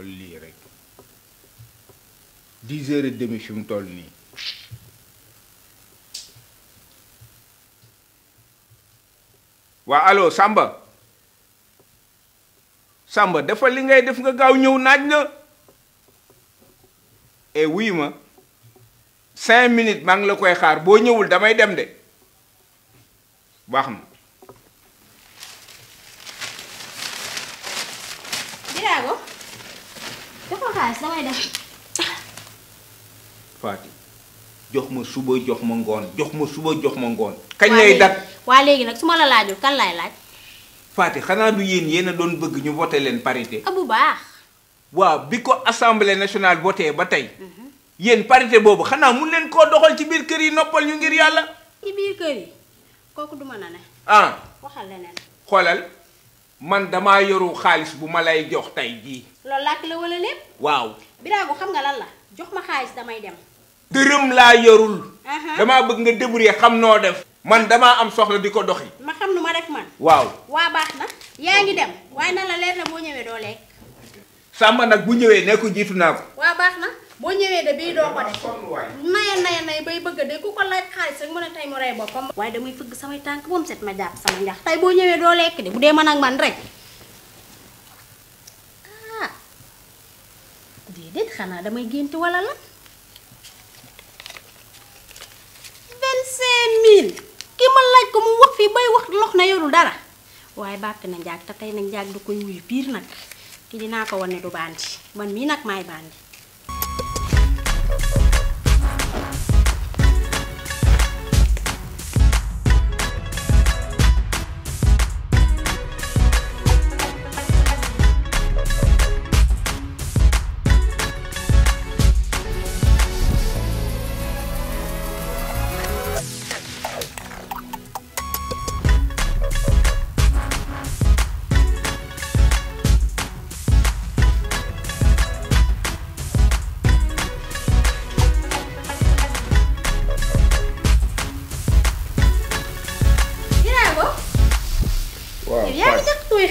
kon lii rek dix heures demi fi mu toll nii waa allo Samba Samba dafa li ngay def nga gaaw ñëw naaj na et eh, wuy ma cinq minutes maa ngi la koy xaar boo ñëwul damay dem de baax na xaalis damay Faati jox ma suba jox ma ngoon jox ma suba jox ma ngoon. kañ lay dat waa léegi nag su ma la laajul kan laay laaj. Faati xanaa du yéen yéen doon bëgg ñu voté leen parité. ah bu baax. waaw bi ko assemblée national voté ba tey. Mhm. yéen parité boobu xanaa mu leen koo doxal ci biir kër yi noppal ñu ngir yàlla. ci biir kër yi kooku duma na ne. ah waxal leneen. xoolal. man damaa yoru xaalis bu ma lay jox tey jii. loolu làkk la wala lépp. waaw. Biraago xam nga lan la jox ma xaalis damay dem. dërëm laa yorul. damaa bëgg nga débrouiller xam noo def. man damaa am soxla di ko doxi. ma xam nu ma rek man. waaw waa baax na. yaa ngi dem waaye na la leer na boo ñëwee doo lekk. sàmm nag bu ñëwee ne ko jiitu naa ko. waa baax na. boo ñëwee de bii doo ko def naye naye bay bëgg de ku ko laaj xaalis rek mu ne tey mu rey boppam waaye damay fëgg samay tànk moom set ma jàpp sama njax tey boo ñëwee doo lekk de bu dee man ak man rek ah. déedéet xanaa damay gént walla la vingt-cinq mille ki ma laaj ko mu wax fii bay wax lox na yorul dara waaye bàkk na njaag te tey nag njaag du koy wuyu biir nag ki dinaa ko wan ne du bandi man mii nag maay bandi Okay.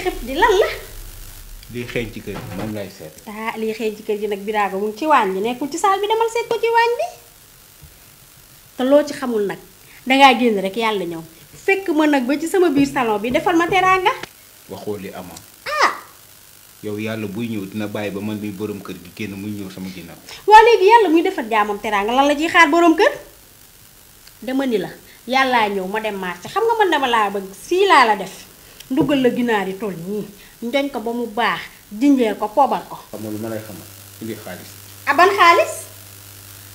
xëpp di lan la. lii xeeñ ci kër gi moom lay seet. ah lii xeeñ ci kër gi nag Birago mu ngi ci waañ bi nekkul ci saal bi demal seet ko ci waañ bi loo ci xamul nag dangaa génn rek yàlla ñëw fekk ma nag ba ci sama biir salon bi defal ma teraanga. waxoo li amoon. ah. yow yàlla buy ñëw dina bàyyi ba man mi borom kër gi génn muy ñëw sama ginnaaw. waa léegi yàlla muy defal jaamam teraanga lan la ciy xaar borom kër dama ni la yàllaa ñëw ma dem marché xam nga man dama laa bëgg sii laa la def. ndugal la ginaari tol ni nii ko ba mu baax jinjee ko poobal ko. amul lu ma lay xamal ci biir xaalis. ah ban xaalis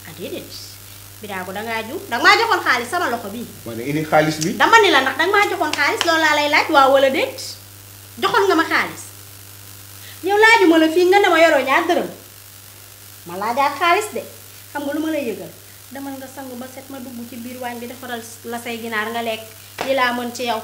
ah déedéet da nga ju da ma joxon xaalis sama loxo bi mané indi xaalis bi. dama ni la nak da ma joxon xaalis loolu la lay laaj wa wala déet joxon nga ma xaalis ñew laajuma la fi nga dama yoro ñaar deureum ma laaja xaalis de xam nga luma lay yëgal. demal nga sangu ba set ma dugg ci biir waañ bi defal la say ginaar nga lek ila mën ci yow